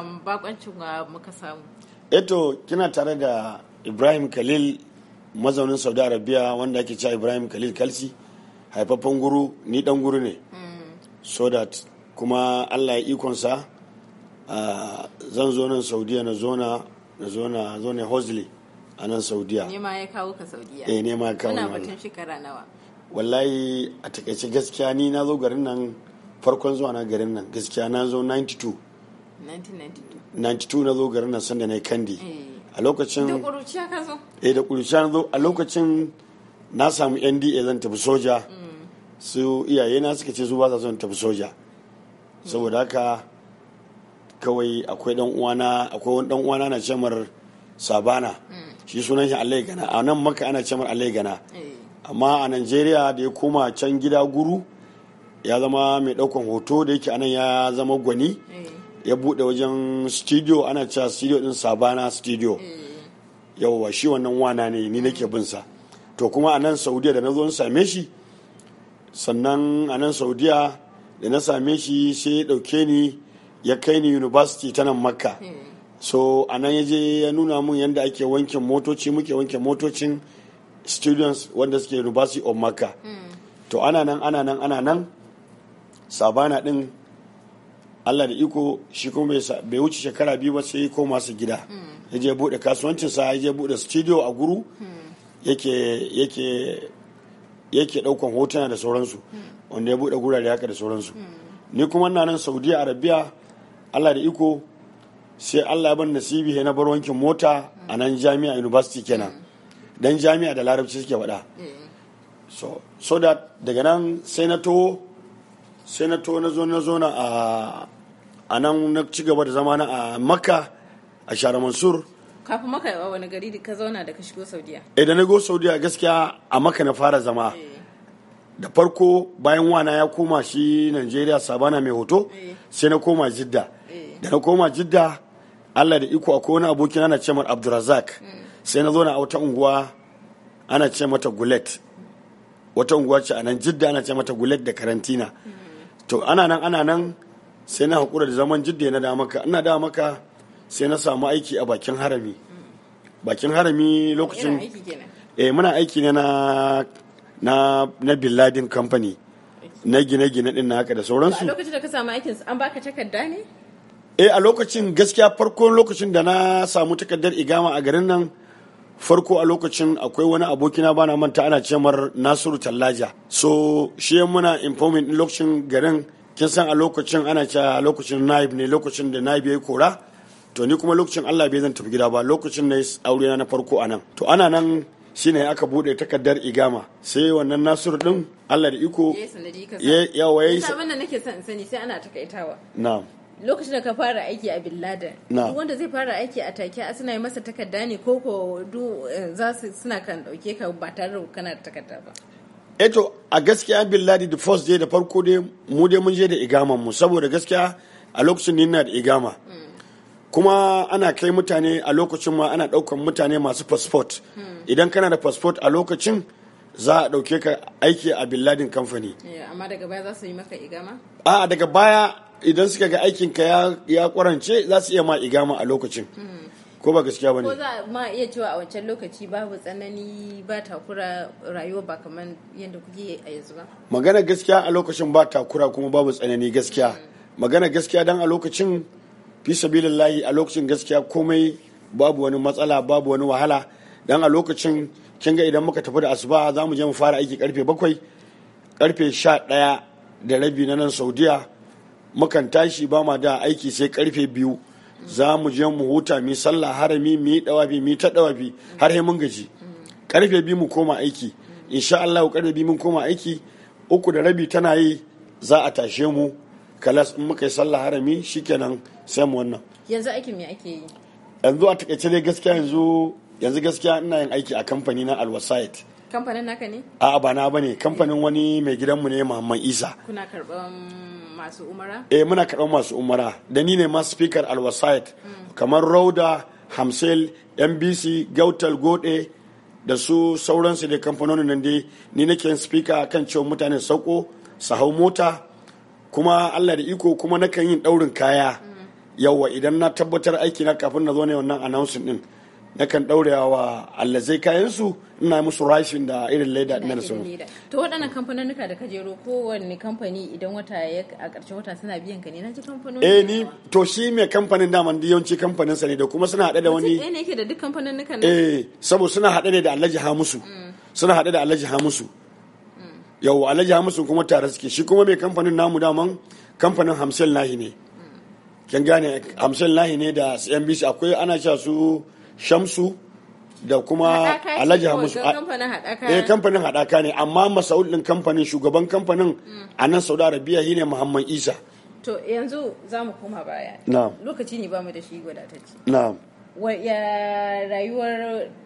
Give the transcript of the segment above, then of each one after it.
um, bakoncin muka samu eto kina tare da ibrahim khalil mazaunin saudi arabia wanda ake cewa ibrahim khalil kalsi haifafan guru ni dan guru ne mm. so that kuma allah ya ikonsa uh, zan zo nan saudiya na zona na zona zona hosli a nan saudiya ma ya kawo ka saudiya eh nema ya kawo batun shekara nawa wallahi a takaice gaskiya ni na zo garin nan farkon zuwa na garin nan gaskiya na zo 92 1992 na zo garin nan sanda na yi kandi eh. a lokacin da kuruciya ka zo eh, na a lokacin na samu nda zan tafi soja mm. su iyaye na suka ce su ba sa son tafi soja saboda haka kawai akwai dan uwana akwai wani dan uwana na cemar sabana mm. shi sunan shi allai gana a nan maka ana cemar allai gana eh. amma a najeriya da ya koma can gida guru ya zama mai daukan hoto da yake anan ya zama gwani ya bude wajen studio ana cewa studio din sabana studio wa shi wannan wana ne ni nake bin sa to kuma a nan saudiya da na zo same shi sannan a nan saudiya da na same shi sai ya dauke ni ya kai ni university ta nan makka so a nan ya je ya nuna mun yadda ake wankin motoci muke wanke motocin students wanda suke university of makka to ana nan ana nan ana nan sabana din Allah da iko shi kuma bai wuce shekara biyu ba sai koma su gida hmm. ya je bude sa, ya je bude studio a guru hmm. yake yake yake daukan hotuna da sauransu hmm. wanda ya bude gurare haka da sauransu ni kuma na nan saudi arabia Allah da iko sai Allah ya ban nasibi na bar wankin mota a nan jami'a university kenan dan jami'a da larabci suke faɗa eh. so so that daga nan sai na to sai na to na zo na zo na a a nan na ci gaba da zamana a makka a shara mansur kafi maka yawa wani gari ka zauna da ka shigo saudiya idan eh, na go saudiya gaskiya a maka na fara zama eh. da farko bayan wana ya koma shi nigeria sabana mai hoto eh. sai na koma jidda da na koma jidda allah da iko a wani abokin ana ce mar mm. sai na zo na wata unguwa ana ce mata gulet wata unguwa ce a nan jidda ana ce mata gulet da karantina mm. to ana nan ana nan sai na haƙura da zaman jidda na da maka ina da maka sai na samu aiki a bakin harami bakin harami lokacin eh muna aiki ne na na na billadin company na gine-gine din naka da sauransu a lokacin da ka samu aikin an baka takarda ne eh a lokacin gaskiya farko lokacin da na samu takardar igama a garin nan farko a lokacin akwai wani abokina bana manta ana cemar nasiru tallaja so shi muna informing lokacin garin kin san a lokacin ana cewa a lokacin naib ne lokacin da naib ya yi kora to ni kuma lokacin Allah bai zan tafi gida ba lokacin na aure na farko anan to ana nan shine aka bude takardar igama sai wannan nasiru din Allah da iko ya yawa yayi abin da nake son sani sai ana takaitawa na'am lokacin da ka fara aiki a bin laden duk wanda zai fara aiki a take a suna yi masa takarda ne ko ko eh, za su suna kan dauke ka ba tare da kana da takarda ba eto a gaskiya billahi the first day da farko dai mu dai mun je da igaman mu saboda gaskiya a lokacin ni na da igama kuma ana kai mutane a lokacin ma ana daukan mutane masu passport idan kana da passport a lokacin za a dauke ka aiki a billadin kamfani eh, amma daga baya za su yi maka igama a daga baya idan suka ga aikin ka ya kwarance za su iya ma igama a lokacin hmm. ko ba gaskiya bane ko za ma iya cewa a wancan lokaci babu tsanani ba takura rayuwa ba kamar yadda kuke a yanzu ba magana gaskiya a lokacin ba takura kuma babu tsanani gaskiya mm. magana gaskiya dan a lokacin fi sabilillahi a lokacin gaskiya komai babu wani matsala babu wani wahala dan a lokacin kin ga idan muka tafi da asuba za mu je mu fara aiki karfe bakwai karfe sha ɗaya da rabi na nan saudiya mukan tashi ba ma da aiki sai karfe biyu za mu je mu huta mi sallah harami mu yi dawabi mu yi ta dawabi har mun gaji karfe biyu mu koma aiki insha Allah karfe bi mun koma aiki uku da rabi tana yi za a tashe mu kalas in muka yi sallah harami shikenan sai mu wannan yanzu aikin me ake yi yanzu a takaice dai gaskiya yanzu yanzu gaskiya ina yin aiki a kamfani na alwasait kamfanin naka ne a'a ba na bane kamfanin wani mai gidanmu ne Muhammad Isa kuna karɓan masu umara eh muna karɓan masu umara da ni ne ma speaker alwasait hmm. kamar Rauda Hamsel MBC Gautal Gode da su sauransu da kamfanonin nan dai ni nake speaker kan cewa mutane sauko su hau mota kuma Allah da iko kuma nakan yin daurin kaya hmm. yawa idan na tabbatar aiki na kafin na zo ne wannan announcement din nakan ɗaurewa wa allazai kayansu ina musu rashin da irin leda na da sun to waɗannan kamfanonuka da kajero kowanne kamfani idan wata ya a ƙarshen wata suna biyan ka ne naji kamfanoni eh ni to shi mai kamfanin daman yawanci kamfanin sa ne da kuma suna haɗe da wani eh ne yake da duk kamfanonuka ne eh saboda suna haɗe ne da alhaji musu mm. suna haɗe da alhaji musu mm. yau alhaji musu kuma tare suke shi kuma mai kamfanin namu daman kamfanin hamsin lahi ne mm. kin gane hamsin lahi ne da cnbc akwai ana cewa su shamsu da kuma alhaji hamisu eh kamfanin haɗaka ne amma masaud din kamfanin shugaban kamfanin a nan saudi arabia shine muhammad isa to yanzu za mu koma baya lokaci ne ba mu da shi wadatacce na'am ya rayuwar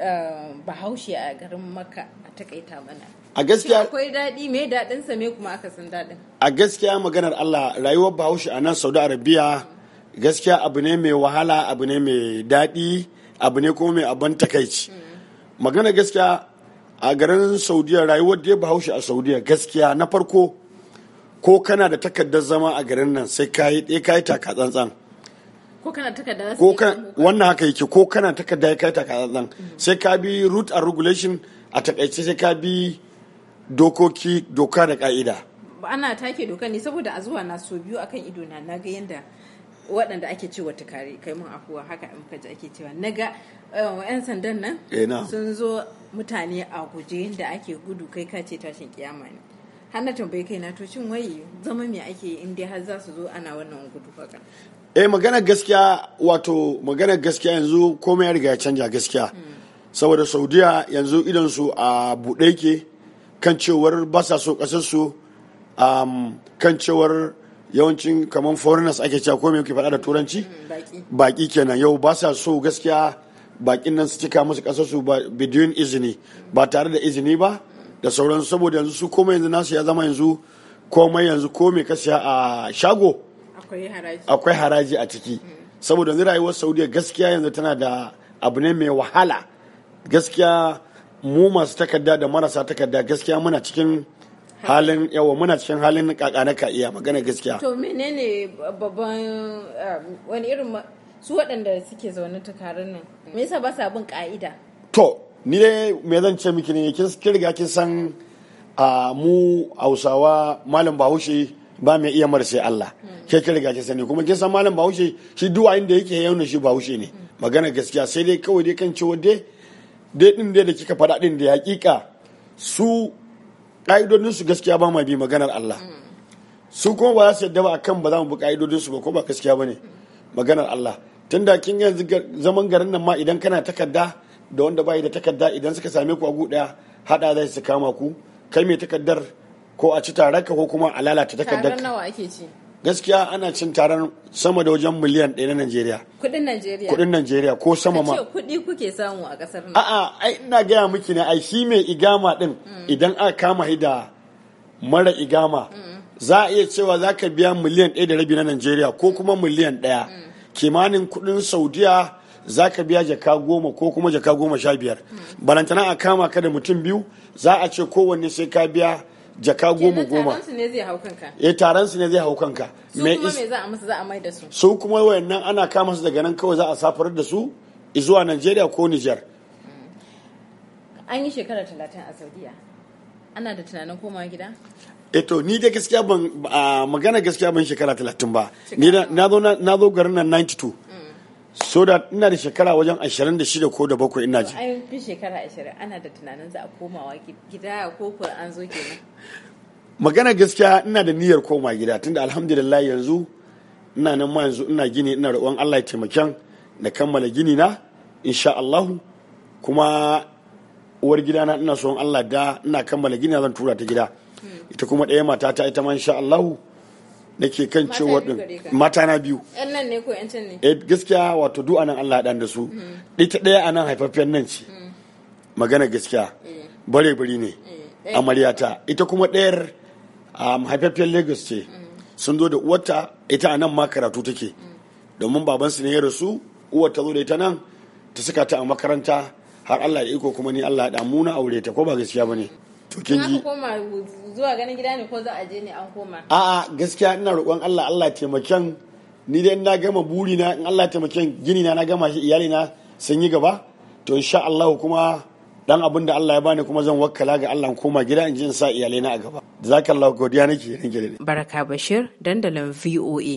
eh, bahaushe a garin maka a takaita mana a gaskiya akwai daɗi me dadin sa me kuma aka san daɗin a gaskiya maganar Allah rayuwar bahaushe a nan saudi arabiya gaskiya abu ne mai wahala abu ne mai daɗi abu ne kuma mai abin takaici magana gaskiya a garin saudiya rayuwar da ya bahaushe a saudiya gaskiya na farko ko kana da takardar zama a garin nan sai ka yi ɗaya eh, taka tsantsan ko wannan haka yake ko kana takarda kai taka tsantsan sai ka bi root and regulation a takaice sai ka bi dokoki doka da ka'ida ana take doka ne saboda a zuwa na so biyu akan ido na na ga yanda waɗanda ake cewa tukari kai mun afuwa haka in ka ji ake cewa naga eh, yan sandan nan eh, sun zo mutane a guje da ake gudu kai ka ce tashin kiyama ne har na tambayi kai na to shin wai zama me ake in dai har za su zo ana wannan gudu haka eh magana gaskiya wato magana gaskiya yanzu komai ya riga ya canja gaskiya mm. saboda saudiya yanzu idan su a buɗe ke kan cewar ba sa so ƙasar su kan cewar yawancin kamar foreigners ake cewa ko me kuke faɗa da turanci baki kenan yau ba sa so gaskiya bakin nan su cika musu ƙasar su bidiyon izini ba tare da izini ba da sauran saboda yanzu su komai yanzu nasu ya zama yanzu komai yanzu ko ka siya a shago akwai haraji a ciki mm. saboda yanzu rayuwar saudiya gaskiya yanzu tana da abu ne mai wahala gaskiya mu masu takarda da marasa takarda gaskiya muna cikin halin yawa muna cikin halin na ka iya magana gaskiya to menene babban um, wani irin su waɗanda suke zaune tukarin nan me yasa ba sa bin ka'ida to ni dai me zan ce miki ne kin riga kin san mu Hausawa malam Bahaushe ba mai iya mara Allah hmm. ke kin riga kin sani kuma kisa san malam Bahaushe shi duwa inda yake yauna shi Bahaushe ne hmm. magana gaskiya sai dai kawai dai kan ci dai dai din da kika faɗa din da hakika su ƙa'idodin su gaskiya ba ma bi maganar Allah mm. su kuma ba za su yadda ba akan ba za mu bi ƙa'idodin su ba ko ba gaskiya ba ne maganar Allah tunda kin yanzu zaman garin nan ma idan kana takarda da wanda bai da takarda idan suka same ku a guda hada zai su kama ku kai mai takardar ko a ci tare ka ko kuma a lalata takardar nawa gaskiya ana cin taron sama da wajen miliyan ɗaya na Najeriya. Kuɗin Najeriya. Kuɗin Najeriya ko sama ma. kuɗi kuke samu a ƙasar nan. A'a, ai ina gaya miki ne ai shi mai igama din. Mm. idan aka kama da mara igama mm. za a iya cewa za ka biya miliyan ɗaya da rabi na Najeriya ko kuma miliyan ɗaya. Mm. Kimanin kuɗin Saudiya za ka biya jaka goma ko kuma jaka goma sha biyar. Barantana a kama ka da mutum biyu za a ce kowanne sai ka biya jaka goma goma taron su eh, ne zai hau kanka su me kuma me za a masa za a mai da su su kuma wayannan ana kama su daga nan kawai za a safarar da su zuwa Najeriya ko Niger mm. an yi shekara talatin a Saudiya ana da tunanin komawa gida eto eh, ni da gaskiya ban magana gaskiya ban shekara talatin ba ni na zo garin nan 92 so da ina da shekara wajen 26 ko da bakwai ina ji ai fi shekara 20 ana da tunanin za a komawa gida ko ko an zo kenan magana gaskiya ina da niyyar koma gida tunda alhamdulillah yanzu ina nan ma yanzu ina gini ina roƙon Allah ya taimaken na kammala gini na insha Allah kuma uwar gida na ina son Allah da ina kammala gini zan tura ta gida hmm. ita kuma ɗaya mata ta ita ma insha Allah nake kan cewa din mata na biyu yan nan ne ko yan ne eh, gaskiya wato du anan Allah dan da su mm. ita daya anan haifaffen nan ce mm. magana gaskiya eh. bare bari ne eh. amaryata ita kuma ɗayar haifaffen Lagos ce mm. sun zo da uwarta ita anan ma karatu take domin babansu ne ya rasu uwar ta zo da ita nan ta saka ta a makaranta har Allah ya iko kuma ni Allah ya na aure ta ko ba gaskiya bane to kin ji koma zuwa ganin gida ne ko za a je ne an koma a'a gaskiya ina roƙon Allah Allah taimaken ni dai na gama buri na in Allah taimaken gini na na gama shi iyali na sun yi gaba to insha Allah kuma dan abin da Allah ya bani kuma zan wakkala ga Allah koma gida in ji in sa iyalai na a gaba zakallahu godiya nake ranke baraka bashir dandalin VOA